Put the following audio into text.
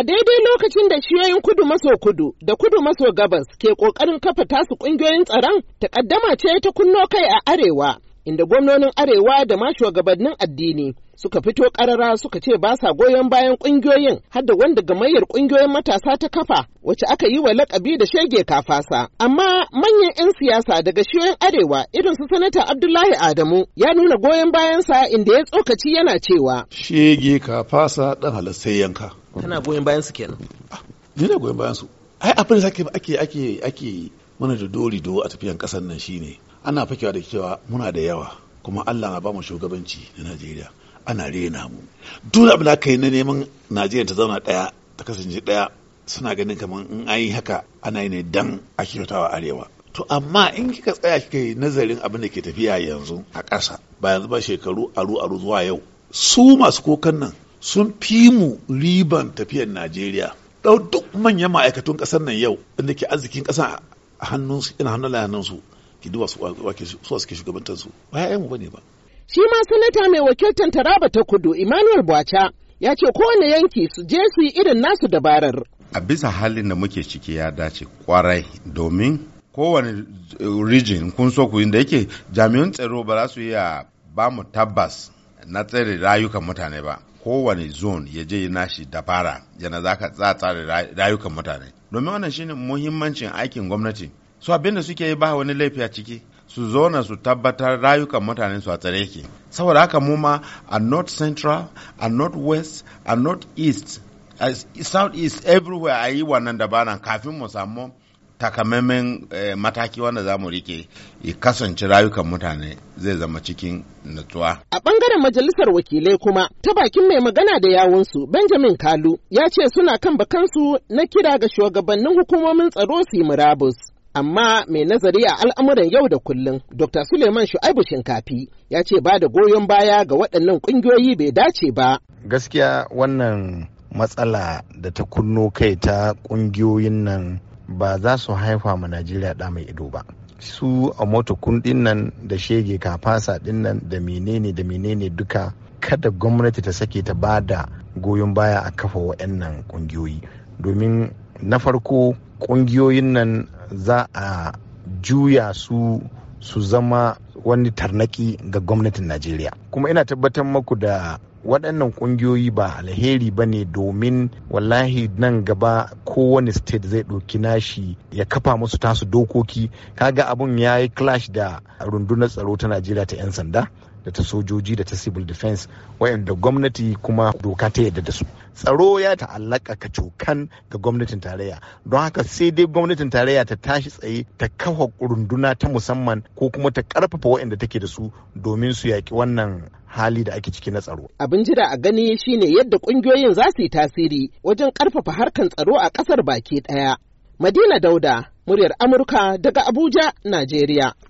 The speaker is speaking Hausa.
A daidai lokacin da shiyoyin kudu maso kudu da kudu maso gabas ke ƙoƙarin kafa tasu ƙungiyoyin tsaron, takaddama ce ta kunno kai a arewa, inda gwamnonin arewa da ma shugabannin addini suka fito ƙarara suka ce ba sa goyon bayan ƙungiyoyin har da wanda gamayyar ƙungiyoyin matasa ta kafa wacce aka yi wa lakabi da shege kafasa. Amma manyan 'yan siyasa daga shiyoyin arewa irin su sanata Abdullahi Adamu ya nuna goyon bayansa inda ya tsokaci yana cewa. Shege kafasa ɗan halasai yanka. kana goyon bayan su kenan ni ne goyon bayan su ai abin da ake ake ake mana da dori do a tafiyan kasar nan shine ana fakewa da cewa muna da yawa kuma Allah na ba mu shugabanci na Najeriya ana rena mu duk abin da kai na neman Najeriya ta zauna daya ta kasance daya suna ganin kamar in an yi haka ana yi ne dan a kyautawa arewa to amma in kika tsaya kika yi nazarin abin da ke tafiya yanzu a ƙasa ba yanzu ba shekaru aru aru zuwa yau su masu kokan nan sun fi mu riban tafiyar najeriya ɗau duk manyan ma'aikatun ƙasar nan yau inda ke arzikin ƙasa a hannunsu ina hannun layanansu ki duba su suke shugabantar su ba ya mu bane ba shi ma sanata mai wakiltar taraba ta kudu emmanuel bwacha ya ce kowane yanki su je su yi irin nasu dabarar a bisa halin da muke ciki ya dace kwarai domin kowane region kun so ku da yake jami'an tsaro ba za su iya ba mu tabbas na tsare rayukan mutane ba kowane zone ya je nashi dabara yana za ka tsara rayukan mutane domin wannan shine muhimmancin aikin gwamnati su abin da suke yi ba wani laifi a ciki su zona su tabbatar rayukan mutane su a tsare ke saboda haka mu ma a north central a north west a north east a south east everywhere a yi wannan dabaran kafin mu samu takamaiman eh, mataki wanda za mu rike ya kasance rayukan mutane zai zama cikin natsuwa. A bangaren majalisar wakilai kuma ta bakin mai magana da yawunsu Benjamin Kalu ya ce suna kan bakansu na kira ga shugabannin hukumomin tsaro su yi murabus. Amma mai nazari a al'amuran yau da kullum, Dr. Suleiman Shu'aibu Shinkafi ya ce ba da goyon baya ga waɗannan ƙungiyoyi bai dace ba. Gaskiya wannan matsala da ta kunno kai ta ƙungiyoyin nan ba za su haifa ma najeriya ɗa mai ido ba su a motokun din nan da shege kafasa din nan da menene da menene duka kada gwamnati ta sake ta ba da goyon baya a kafa wa'annan kungiyoyi domin na farko kungiyoyin nan za a juya su su zama wani tarnaki ga gwamnatin najeriya kuma ina tabbatar maku da waɗannan ƙungiyoyi ba alheri ba ne domin wallahi nan gaba kowane state zai ɗauki nashi ya kafa musu tasu dokoki kaga abun ya yi clash da rundunar tsaro ta najeriya ta 'yan sanda da ta sojoji da ta civil defense wayanda gwamnati kuma doka ta yadda da su tsaro ya ta'allaka kacokan ga gwamnatin tarayya don haka sai dai gwamnatin tarayya ta tashi tsaye ta kafa runduna ta musamman ko kuma ta karfafa wayanda take da su domin su yaƙi wannan hali da ake ciki na tsaro. Abin jira a gani shine yadda ƙungiyoyin za su yi tasiri wajen ƙarfafa harkan tsaro a ƙasar baki ɗaya. Madina Dauda, muryar Amurka daga Abuja, Najeriya.